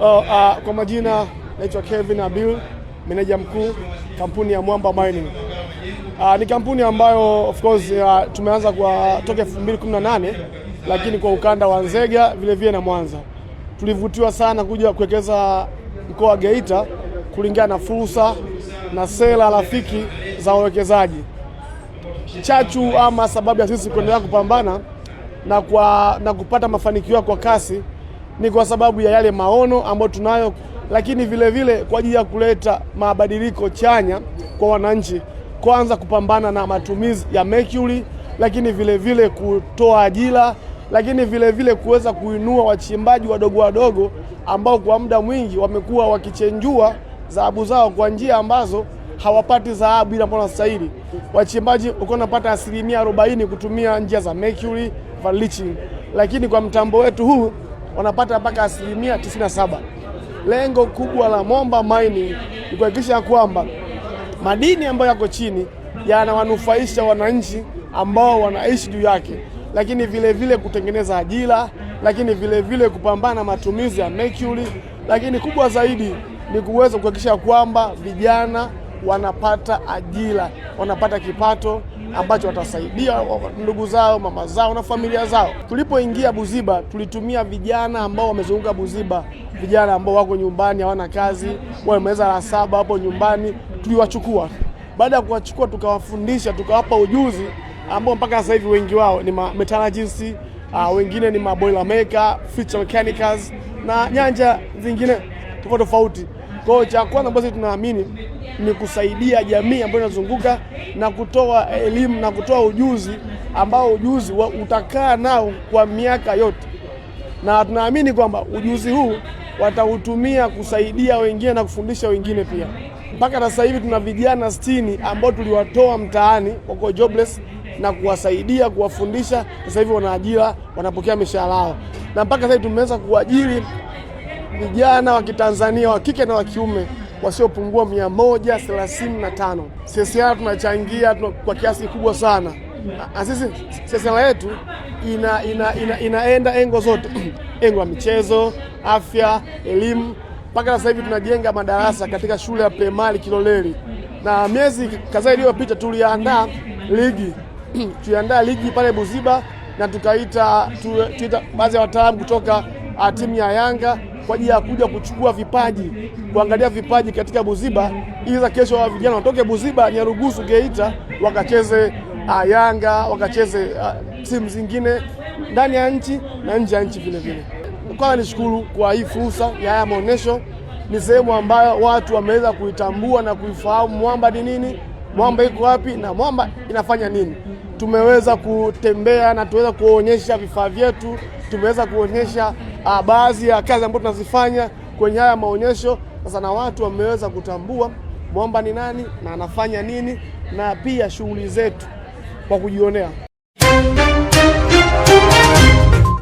Oh, uh, kwa majina naitwa Kevin Abil, meneja mkuu kampuni ya Mwamba Mining. Uh, ni kampuni ambayo of course uh, tumeanza kwa toka 2018 lakini kwa ukanda wa Nzega vile vile na Mwanza. Tulivutiwa sana kuja kuwekeza mkoa wa Geita kulingana na fursa na sera rafiki za wawekezaji. Chachu ama sababu ya sisi kuendelea kupambana na, kwa, na kupata mafanikio kwa kasi ni kwa sababu ya yale maono ambayo tunayo, lakini vile vile kwa ajili ya kuleta mabadiliko chanya kwa wananchi, kwanza kupambana na matumizi ya mercury, lakini vile vile kutoa ajira, lakini vile vile kuweza kuinua wachimbaji wadogo wadogo ambao kwa muda mwingi wamekuwa wakichenjua dhahabu zao kwa njia ambazo hawapati dhahabu ile ambayo wanastahili. Wachimbaji uko napata asilimia 40 kutumia njia za mercury leaching, lakini kwa mtambo wetu huu wanapata mpaka asilimia 97. Lengo kubwa la Momba Mining ni kuhakikisha kwamba madini ambayo yako chini yanawanufaisha wananchi ambao wanaishi juu yake, lakini vile vile kutengeneza ajira, lakini vile vile kupambana na matumizi ya mercury, lakini kubwa zaidi ni kuweza kuhakikisha kwamba vijana wanapata ajira, wanapata kipato ambacho watasaidia ndugu zao, mama zao na familia zao. Tulipoingia Buziba, tulitumia vijana ambao wamezunguka Buziba, vijana ambao wako nyumbani hawana kazi, wameweza la saba hapo nyumbani, tuliwachukua. Baada ya kuwachukua, tukawafundisha, tukawapa ujuzi ambao mpaka sasa hivi wengi wao ni metallurgists, uh, ah, wengine ni maboiler maker, future mechanics na nyanja zingine tofauti tofauti. Kwa hiyo cha kwanza ambacho tunaamini ni kusaidia jamii ambayo inazunguka na kutoa elimu na kutoa ujuzi ambao ujuzi wa utakaa nao kwa miaka yote, na tunaamini kwamba ujuzi huu watautumia kusaidia wengine na kufundisha wengine pia. Mpaka sasa hivi tuna vijana sitini ambao tuliwatoa mtaani wako jobless na kuwasaidia kuwafundisha. Sasa hivi wana ajira, wanapokea mishahara yao, na mpaka sasa hivi tumeweza kuajiri vijana wa Kitanzania wa kike na wa kiume wasiopungua 135. CCR tunachangia kwa kiasi kikubwa sana na sisi CCR yetu ina, ina, ina, inaenda engo zote engo ya michezo, afya, elimu mpaka sasa hivi tunajenga madarasa katika shule ya primari Kiloleli, na miezi kadhaa iliyopita tuliandaa ligi tuliandaa ligi pale Buziba na tukaita tu, tuita baadhi ya wataalamu kutoka timu ya Yanga kwa ajili ya kuja kuchukua vipaji, kuangalia vipaji katika Buziba, ili za kesho wa vijana watoke Buziba Nyarugusu, Geita, wakacheze ah, Yanga, wakacheze ah, timu zingine ndani ya nchi na nje ya nchi vile vile. Kwanza nishukuru kwa hii fursa ya haya maonesho. Ni sehemu ambayo watu wameweza kuitambua na kuifahamu mwamba ni nini, mwamba iko wapi na mwamba inafanya nini. Tumeweza kutembea na tuweza kuonyesha vifaa vyetu, tumeweza kuonyesha Ah, baadhi ya kazi ambazo tunazifanya kwenye haya maonyesho sasa, na watu wameweza kutambua mwamba ni nani na anafanya nini, na pia shughuli zetu kwa kujionea